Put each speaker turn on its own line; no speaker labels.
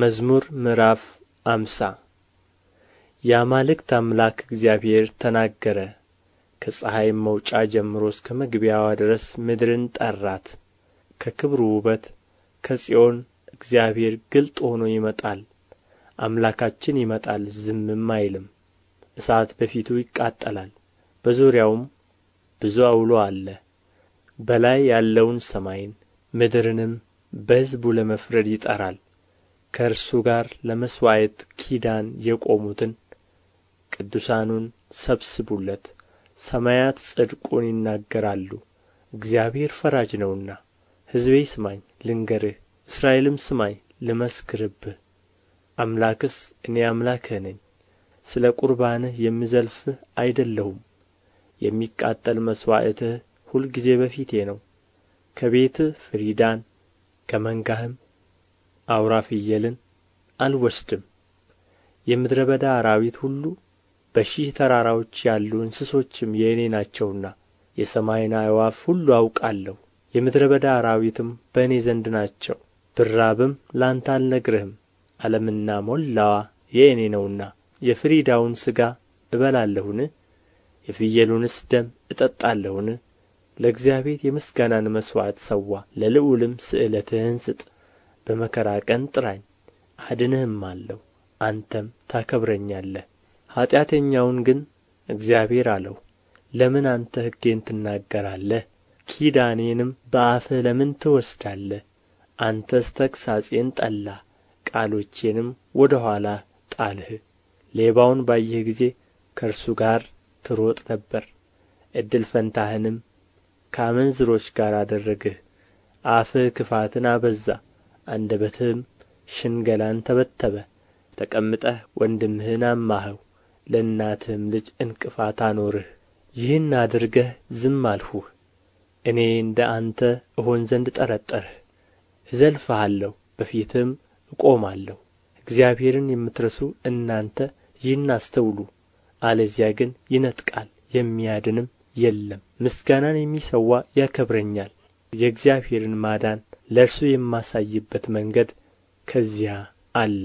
መዝሙር ምዕራፍ አምሳ የአማልክት አምላክ እግዚአብሔር ተናገረ፣ ከፀሐይም መውጫ ጀምሮ እስከ መግቢያዋ ድረስ ምድርን ጠራት። ከክብሩ ውበት ከጽዮን እግዚአብሔር ግልጥ ሆኖ ይመጣል። አምላካችን ይመጣል፣ ዝምም አይልም። እሳት በፊቱ ይቃጠላል፣ በዙሪያውም ብዙ አውሎ አለ። በላይ ያለውን ሰማይን ምድርንም በሕዝቡ ለመፍረድ ይጠራል። ከእርሱ ጋር ለመሥዋዕት ኪዳን የቆሙትን ቅዱሳኑን ሰብስቡለት ሰማያት ጽድቁን ይናገራሉ እግዚአብሔር ፈራጅ ነውና ሕዝቤ ስማኝ ልንገርህ እስራኤልም ስማኝ ልመስክርብህ አምላክስ እኔ አምላክህ ነኝ ስለ ቁርባንህ የምዘልፍህ አይደለሁም የሚቃጠል መሥዋዕትህ ሁልጊዜ በፊቴ ነው ከቤትህ ፍሪዳን ከመንጋህም አውራ ፍየልን አልወስድም የምድረ በዳ አራዊት ሁሉ በሺህ ተራራዎች ያሉ እንስሶችም የእኔ ናቸውና የሰማይን አዕዋፍ ሁሉ አውቃለሁ የምድረ በዳ አራዊትም በእኔ ዘንድ ናቸው ብራብም ላንተ አልነግርህም ዓለምና ሞላዋ የእኔ ነውና የፍሪዳውን ሥጋ እበላለሁን የፍየሉንስ ደም እጠጣለሁን ለእግዚአብሔር የምስጋናን መሥዋዕት ሰዋ ለልዑልም ስእለትህን ስጥ በመከራ ቀን ጥራኝ አድንህማለሁ አንተም ታከብረኛለህ ኃጢአተኛውን ግን እግዚአብሔር አለው ለምን አንተ ሕጌን ትናገራለህ ኪዳኔንም በአፍህ ለምን ትወስዳለህ አንተስ ተግሣጼን ጠላህ ቃሎቼንም ወደ ኋላ ጣልህ ሌባውን ባየህ ጊዜ ከእርሱ ጋር ትሮጥ ነበር እድል ፈንታህንም ከአመንዝሮች ጋር አደረግህ አፍህ ክፋትን አበዛ አንደበትህም ሽንገላን ተበተበ ተቀምጠህ ወንድምህን አማኸው ለእናትህም ልጅ ዕንቅፋት አኖርህ ይህን አድርገህ ዝም አልሁህ እኔ እንደ አንተ እሆን ዘንድ ጠረጠርህ እዘልፍሃለሁ በፊትህም እቆማለሁ እግዚአብሔርን የምትረሱ እናንተ ይህን አስተውሉ አለዚያ ግን ይነጥቃል የሚያድንም የለም ምስጋናን የሚሠዋ ያከብረኛል የእግዚአብሔርን ማዳን ለእርሱ የማሳይበት መንገድ ከዚያ አለ